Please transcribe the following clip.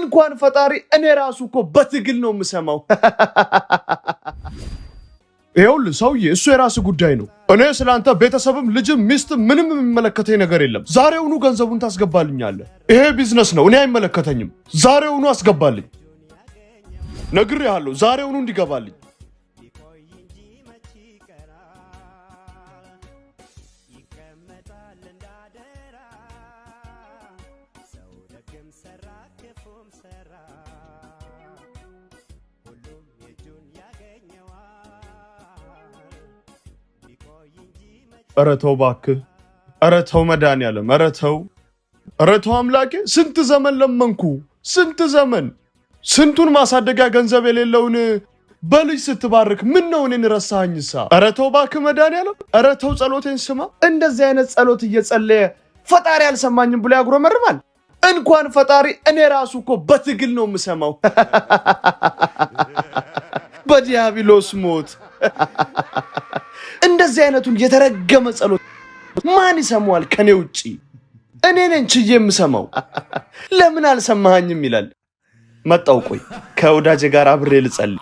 እንኳን ፈጣሪ እኔ ራሱ እኮ በትግል ነው የምሰማው። ይኸውልህ ሰውዬ፣ እሱ የራስ ጉዳይ ነው። እኔ ስለአንተ ቤተሰብም ልጅም ሚስትም ምንም የሚመለከተኝ ነገር የለም። ዛሬውኑ ገንዘቡን ታስገባልኛለህ። ይሄ ቢዝነስ ነው፣ እኔ አይመለከተኝም። ዛሬውኑ አስገባልኝ። ነግሬሃለሁ፣ ዛሬውኑ እንዲገባልኝ ኧረ ተው እባክህ፣ ኧረ ተው መድኃኒዓለም፣ ኧረ ተው፣ ኧረ ተው አምላኬ። ስንት ዘመን ለመንኩ፣ ስንት ዘመን፣ ስንቱን ማሳደጊያ ገንዘብ የሌለውን በልጅ ስትባርክ ምን ነው እኔን ረሳኸኝሳ? ኧረ ተው እባክህ መድኃኒዓለም፣ ኧረ ተው፣ ጸሎቴን ስማ። እንደዚህ አይነት ጸሎት እየጸለየ ፈጣሪ አልሰማኝም ብሎ ያጉረመርማል። እንኳን ፈጣሪ እኔ ራሱ እኮ በትግል ነው የምሰማው። በዲያብሎስ ሞት እንደዚህ አይነቱን የተረገመ ጸሎት ማን ይሰማዋል ከኔ ውጪ? እኔ ነኝ ችዬ የምሰማው። ለምን አልሰማኸኝም ይላል። መጣው ቆይ ከወዳጄ ጋር አብሬ ልጸልይ።